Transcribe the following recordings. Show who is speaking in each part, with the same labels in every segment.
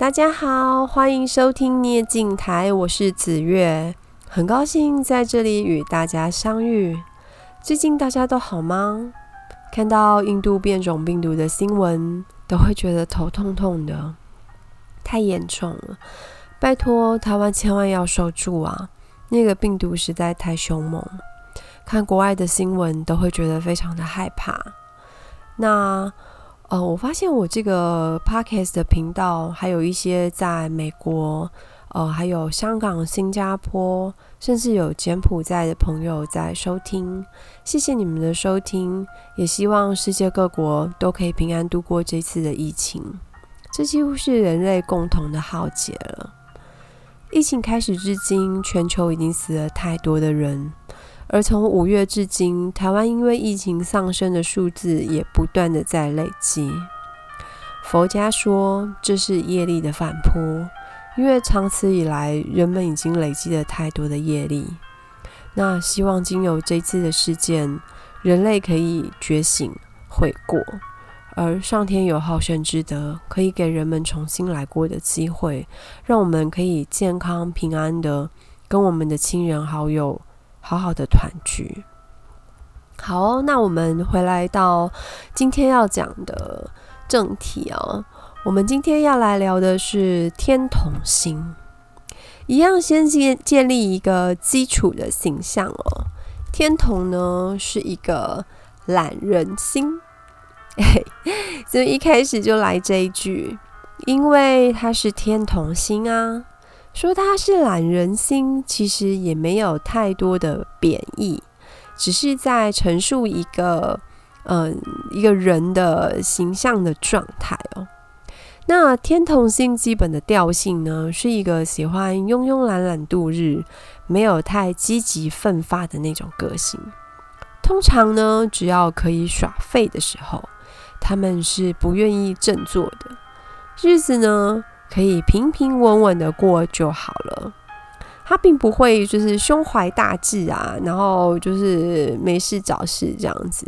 Speaker 1: 大家好，歡迎收聽涅鏡台，我是紫玥，很高興在這裡與大家相遇。最近大家都好嗎？看到印度變種病毒的新聞，都會覺得頭痛痛的，太嚴重了。拜托，台灣千萬要守住啊！那個病毒實在太凶猛，看國外的新聞都會覺得非常的害怕。那。哦，我發現我這個 podcast 的頻道，還有一些在美國、呃，還有香港、新加坡，甚至有柬埔寨的朋友在收聽。謝謝你們的收聽，也希望世界各國都可以平安度過這次的疫情。這幾乎是人類共同的浩劫了。疫情開始至今，全球已經死了太多的人。而從五月至今，台灣因為疫情喪生的數字也不斷的在累積。佛家說這是業力的反撲，因為長此以來，人們已經累積了太多的業力。那希望經由這次的事件，人類可以覺醒悔過，而上天有好生之德，可以給人們重新來過的機會，讓我們可以健康平安的跟我們的親人好友。好好的團聚，好、哦，那我們回來到今天要講的正題哦，我們今天要來聊的是天同星，一樣先建建立一個基礎的形象哦。天同呢是一個懶人星，就、欸、所以一開始就來這一句，因為它是天同星啊。說他是懶人星，其實也沒有太多的貶義，只是在陳述一個嗯、呃、一個人的形象的狀態哦。那天同星基本的調性呢，是一個喜歡慵慵懶懶懶度日，沒有太積極奮發的那種個性。通常呢，只要可以耍廢的時候，他們是不願意振作的日子呢。可以平平穩穩的過就好了。他並不會就是胸懷大志啊，然後就是沒事找事這樣子。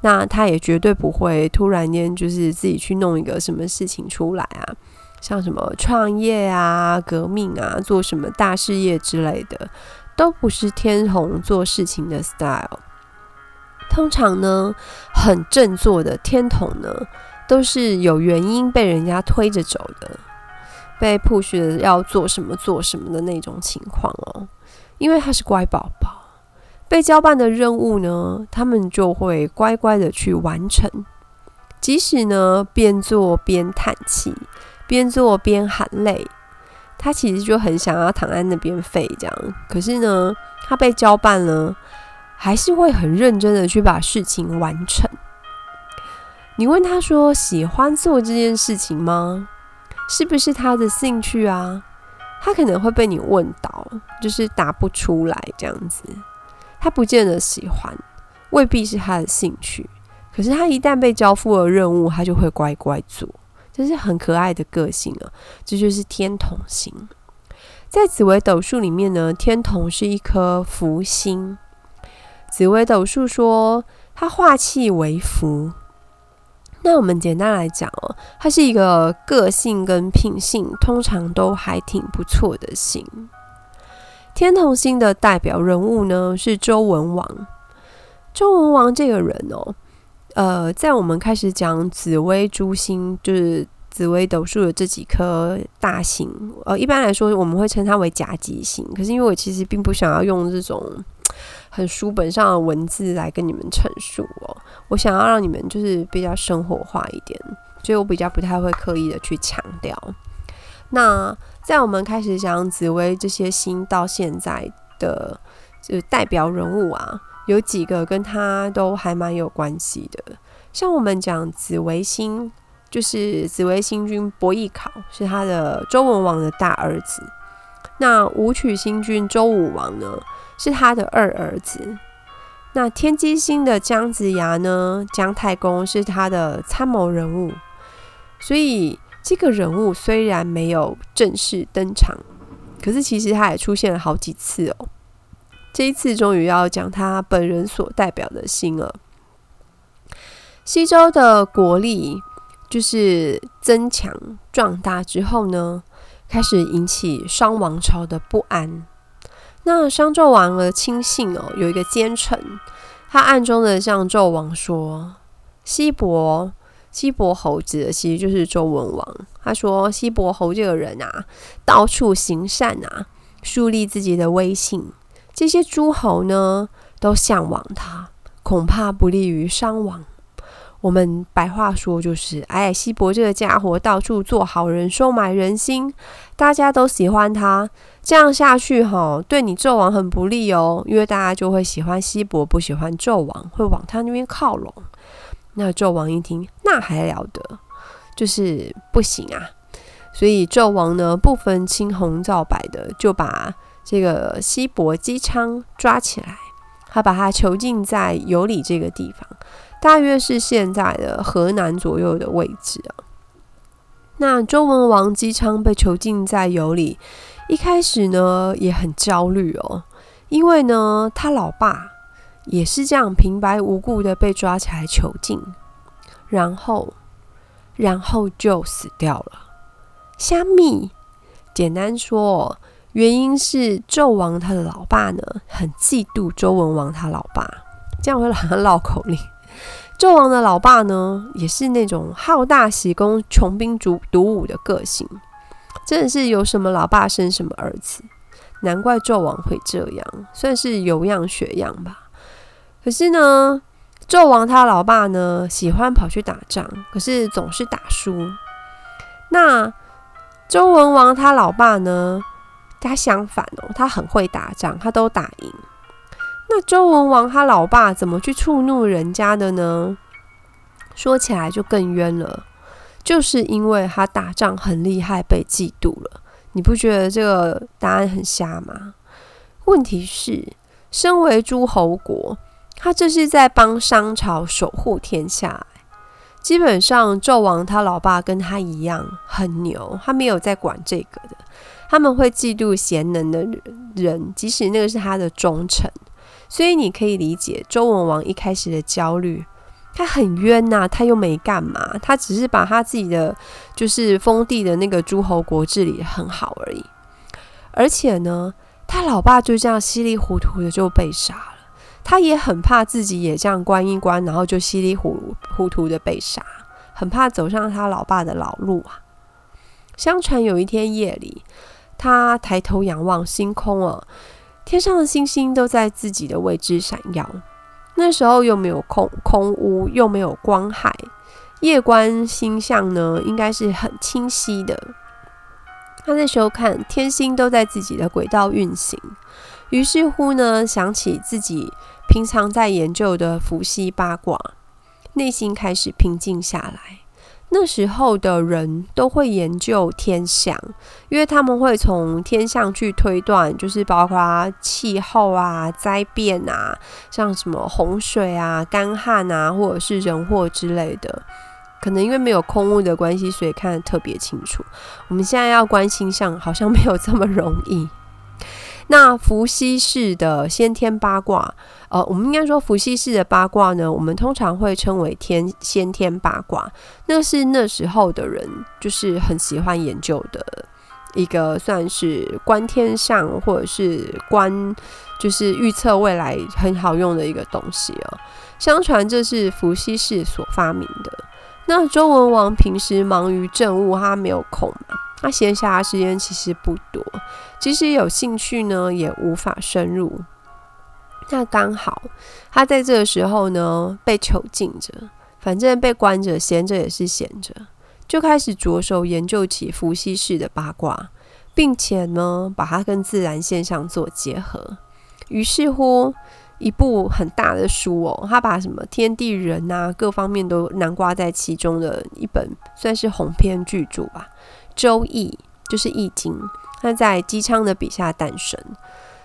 Speaker 1: 那他也絕對不會突然間就是自己去弄一個什麼事情出來啊，像什麼創業啊、革命啊、做什麼大事業之類的，都不是天同做事情的 style。通常呢，很振作的天同呢，都是有原因被人家推着走的。被 push 了要做什麼做什麼的那種情況哦，因為他是乖寶寶，被交辦的任務呢，他們就會乖乖的去完成，即使呢邊做邊嘆氣，邊做邊喊累，他其實就很想要躺在那邊廢這樣，可是呢，他被交辦了，還是會很認真的去把事情完成。你問他說喜歡做這件事情嗎？是不是他的興趣啊？他可能會被你問倒，就是答不出來這樣子。他不見得喜歡，未必是他的興趣。可是他一旦被交付了任務，他就會乖乖做，這是很可愛的個性啊！這就是天同星，在紫微斗數裡面呢，天同是一顆福星。紫微斗數說，他化氣為福。那我們簡單來講哦，他是一個個性跟品性通常都還挺不錯的星。天同星的代表人物呢，是周文王。周文王這個人哦，呃，在我們開始講紫微諸星，就是。紫薇斗數的這幾顆大星，呃，一般來說我們會稱它為甲級星。可是因為我其實並不想要用這種很書本上的文字來跟你們陳述哦、喔，我想要讓你們就是比較生活化一點，所以我比較不太會刻意的去強調。那在我們開始講紫薇這些星到現在的就代表人物啊，有幾個跟他都還蠻有關係的，像我們講紫微星，就是紫微星君，伯邑考是他的周文王的大兒子，那武曲星君周武王呢是他的二兒子。那天機星的姜子牙呢，姜太公是他的參謀人物。所以這個人物雖然沒有正式登場，可是其實他也出現了好幾次哦。這一次終於要講他本人所代表的星了。西周的國力，就是增強壯大之後呢，開始引起商王朝的不安。那商紂王的親信哦，有一個奸臣，他暗中的向紂王說：“西伯，西伯侯指的其實就是周文王。他說西伯侯這個人啊，到處行善啊，樹立自己的威信，這些諸侯呢都向往他，恐怕不利於商王。”我們白話說就是，哎，西伯這個家伙到處做好人，收買人心，大家都喜歡他。這樣下去吼，吼對你紂王很不利哦，因為大家就會喜歡西伯，不喜歡紂王，會往他那邊靠攏。那紂王一聽，那還了得，就是不行啊。所以紂王呢，不分青紅皂白的就把這個西伯姬昌抓起來，他把他囚禁在羑里這個地方。大約是現在的河南左右的位置啊。那周文王姬昌被囚禁在羑里，一開始呢也很焦慮哦，因為呢他老爸也是這樣平白無故的被抓起來囚禁，然後然後就死掉了。蝦米，簡單說哦，原因是紂王他的老爸呢很嫉妒周文王他老爸，這樣會讓他繞口令。紂王的老爸呢，也是那種好大喜功、窮兵黷武的個性，真的是有什麼老爸生什麼兒子，難怪紂王會這樣，算是有樣學樣吧。可是呢，紂王他老爸呢，喜歡跑去打仗，可是總是打輸。那周文王他老爸呢，他相反哦，他很會打仗，他都打贏。那周文王他老爸怎麼去觸怒人家的呢？說起來就更冤了，就是因為他打仗很厲害，被嫉妒了。你不覺得這個答案很瞎嗎？問題是，身為諸侯國，他這是在幫商朝守護天下。基本上，紂王他老爸跟他一樣很牛，他沒有在管這個的。他們會嫉妒賢能的人，人，即使那個是他的忠臣。所以你可以理解周文王一開始的焦慮，他很冤吶、啊，他又沒幹嘛，他只是把他自己的就是封地的那個諸侯國治理很好而已。而且呢，他老爸就這樣稀里糊塗的就被殺了，他也很怕自己也這樣關一關，然後就稀里糊糊塗的被殺，很怕走上他老爸的老路啊。相傳有一天夜裡，他抬頭仰望星空了、啊。天上的星星都在自己的位置閃耀，那時候又沒有空空屋，又沒有光害，夜觀星象呢，應該是很清晰的。他那時候看天星都在自己的軌道運行，於是乎呢，想起自己平常在研究的伏羲八卦，內心開始平靜下來。那時候的人都會研究天象，因為他們會從天象去推斷，就是包括氣候啊、災變啊，像什麼洪水啊、乾旱啊，或者是人禍之類的。可能因為沒有空物的關係，所以看得特別清楚。我們現在要觀星象，好像沒有這麼容易。那伏羲氏的先天八卦，呃，我們應該說伏羲氏的八卦呢，我們通常會稱為天先天八卦，那是那時候的人就是很喜歡研究的一個，算是觀天象或者是觀，就是預測未來很好用的一個東西哦。相傳這是伏羲氏所發明的。那周文王平時忙於政務，他沒有空嘛。他閒暇的時間其實不多，即使有興趣呢，也無法深入。那剛好他在這個時候呢，被囚禁着，反正被關着，閒着也是閒着，就開始着手研究起伏羲氏的八卦，並且呢，把它跟自然現象做結合。於是乎，一部很大的書哦，他把什麼天地人啊各方面都囊括在其中的一本，算是鴻篇巨著吧。《周易》就是《易經》，它在姬昌的筆下誕生。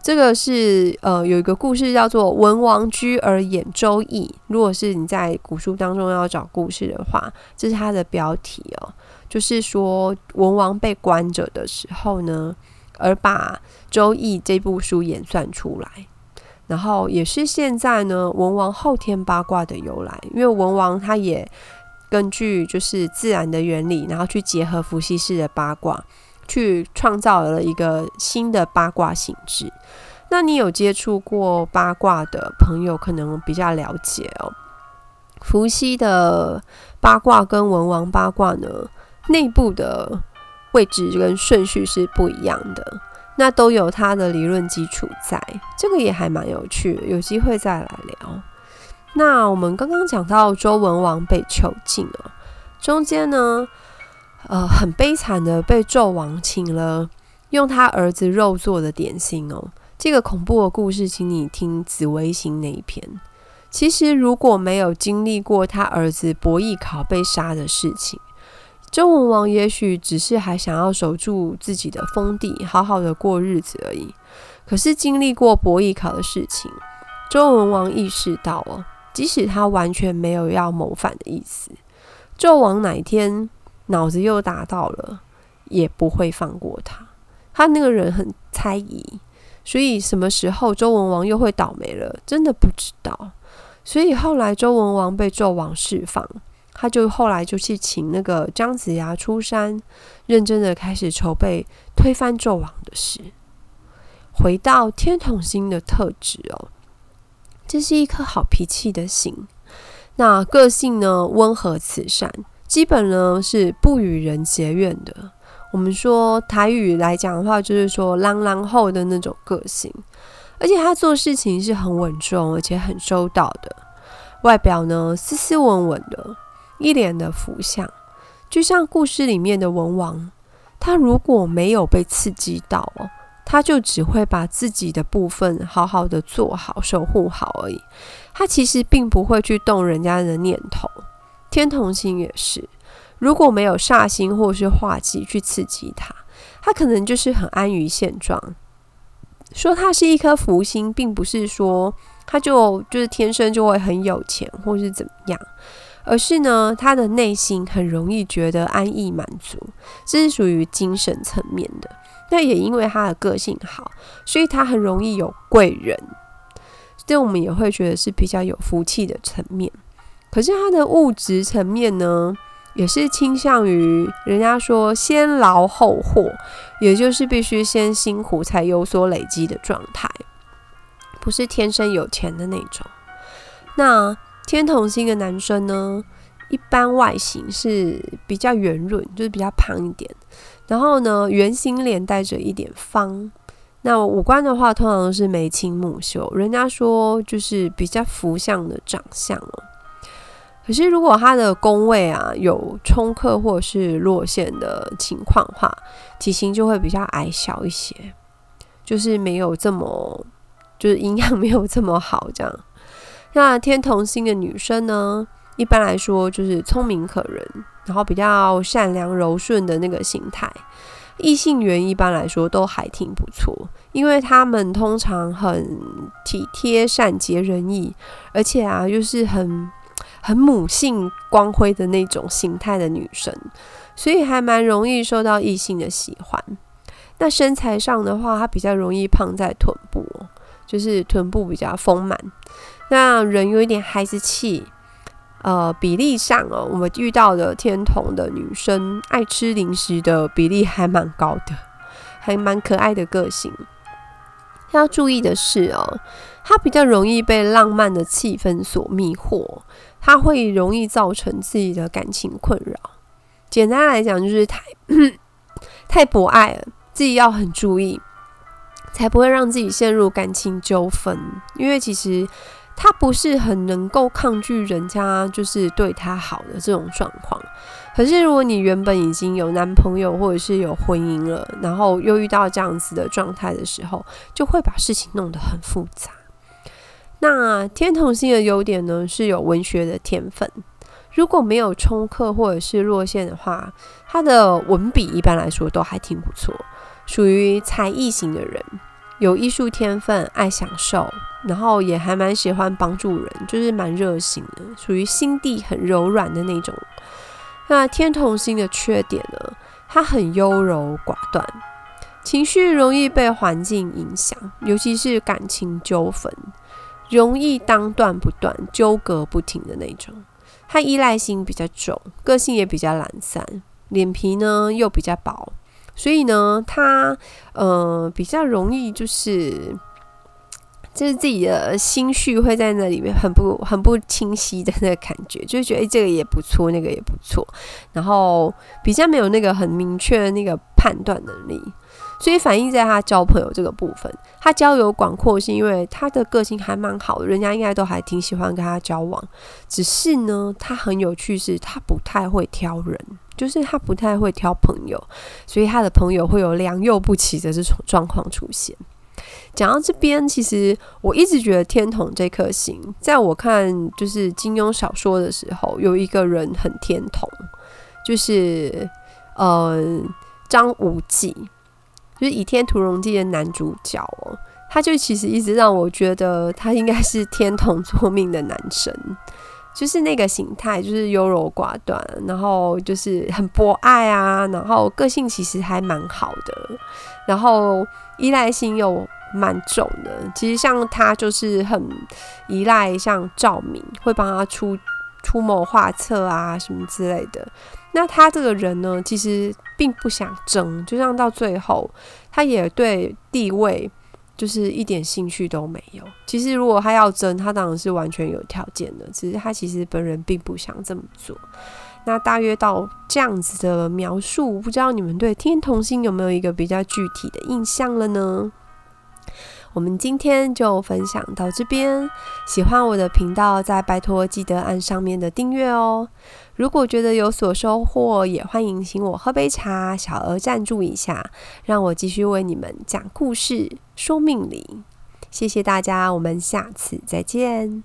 Speaker 1: 這個是呃，有一個故事叫做“文王拘而演周易”。如果是你在古書當中要找故事的話，這是它的標題哦。就是說，文王被關着的時候呢，而把《周易》這部書演算出來，然後也是現在呢，文王後天八卦的由來。因為文王他也。根據就是自然的原理，然後去結合伏羲氏的八卦，去創造了一個新的八卦形式。那你有接觸過八卦的朋友，可能比較了解哦。伏羲的八卦跟文王八卦呢，內部的位置跟順序是不一樣的，那都有它的理論基礎在，這個也還蠻有趣的，有機會再來聊。那我們剛剛講到周文王被囚禁了哦。中間呢，呃，很悲慘的被紂王請了用他兒子肉做的點心哦。這個恐怖的故事，請你聽紫微星那一篇。其實如果沒有經歷過他兒子伯邑考被殺的事情，周文王也許只是還想要守住自己的封地，好好的過日子而已。可是經歷過伯邑考的事情，周文王意識到哦。即使他完全沒有要謀反的意思，紂王哪一天腦子又達到了，也不會放過他。他那個人很猜疑，所以什麼時候周文王又會倒霉了，真的不知道。所以後來周文王被紂王釋放，他就後來就去請那個姜子牙出山，認真的開始籌備推翻紂王的事。回到天同星的特質哦。這是一顆好脾氣的星，那個性呢溫和慈善，基本呢是不與人結怨的。我們說台語來講的話，就是說“浪浪厚”的那種個性，而且他做事情是很穩重而且很周到的。外表呢斯斯文文的，一臉的福相，就像故事裡面的文王。他如果沒有被刺激到哦。他就只會把自己的部分好好的做好，守護好而已。他其實並不會去動人家的念頭。天同星也是，如果沒有煞星或是化忌去刺激他，他可能就是很安於現狀。說他是一顆福星，並不是說他就就是天生就會很有錢或是怎麼樣，而是呢，他的內心很容易覺得安逸滿足，這是屬於精神層面的。那也因為他的個性好，所以他很容易有貴人，所以我們也會覺得是比較有福氣的層面。可是他的物質層面呢，也是傾向於人家說“先勞後獲”，也就是必須先辛苦才有所累積的狀態，不是天生有錢的那種。那天同星的男生呢，一般外形是比較圓潤，就是比較胖一點。然後呢，圓形臉帶着一點方，那五官的話，通常都是眉清目秀，人家說就是比較福相的長相哦。可是如果他的宮位啊有衝克或是落陷的情況的話，體型就會比較矮小一些，就是沒有這麼，就是營養沒有這麼好這樣。那天同星的女生呢，一般來說就是聰明可人。然後比較善良柔順的那個形態，異性緣一般來說都還挺不錯，因為他們通常很體貼、善解人意，而且啊，就是很很母性光輝的那種形態的女生，所以還蠻容易受到異性的喜歡。那身材上的話，她比較容易胖在臀部，就是臀部比較豐滿，那人有一點孩子氣。呃，比例上哦，我們遇到的天同的女生愛吃零食的比例還蠻高的，還蠻可愛的個性。要注意的是哦，她比較容易被浪漫的氣氛所迷惑，她會容易造成自己的感情困擾。簡單來講，就是太太博愛了，自己要很注意，才不會讓自己陷入感情糾紛。因為其實。他不是很能夠抗拒人家就是對他好的這種狀況，可是如果你原本已經有男朋友或者是有婚姻了，然後又遇到這樣子的狀態的時候，就會把事情弄得很複雜。那天同星的優點呢，是有文學的天分，如果沒有沖克或者是落線的話，他的文筆一般來說都還挺不錯，屬於才藝型的人，有藝術天分，愛享受。然後也還蠻喜歡幫助人，就是蠻熱心的，屬於心地很柔軟的那種。那天同星的缺點呢，他很優柔寡斷，情緒容易被環境影響，尤其是感情糾紛，容易當斷不斷，糾葛不停的那種。他依賴性比較重，個性也比較懶散，臉皮呢又比較薄，所以呢，他呃比較容易就是。就是自己的心緒會在那裡面很不很不清晰的那個感覺，就是覺得哎，這個也不錯，那個也不錯，然後比較沒有那個很明確的那個判斷能力，所以反映在他交朋友這個部分。他交友廣闊是因為他的個性還蠻好的，人家應該都還挺喜歡跟他交往。只是呢，他很有趣是，他不太會挑人，就是他不太會挑朋友，所以他的朋友會有良莠不齊的這種狀況出現。講到這邊，其實我一直覺得天同這顆星，在我看就是金庸小說的時候，有一個人很天同，就是呃張無忌，就是《倚天屠龍記》的男主角哦，他就其實一直讓我覺得他應該是天同坐命的男神。就是那個形態，就是優柔寡斷，然後就是很博愛啊，然後個性其實還蠻好的，然後依賴性又蠻重的。其實像他就是很依賴，像趙敏會幫他出出謀劃策啊什麼之類的。那他這個人呢，其實並不想爭，就像到最後，他也對地位。就是一點興趣都沒有。其實，如果他要爭，他當然是完全有條件的。只是他其實本人並不想這麼做。那大約到這樣子的描述，我不知道你們對天同星有沒有一個比較具體的印象了呢？我們今天就分享到這邊。喜歡我的頻道，再拜托記得按上面的訂閱哦。如果覺得有所收穫，也歡迎請我喝杯茶，小額贊助一下，讓我繼續為你們講故事、說命理。謝謝大家，我們下次再見。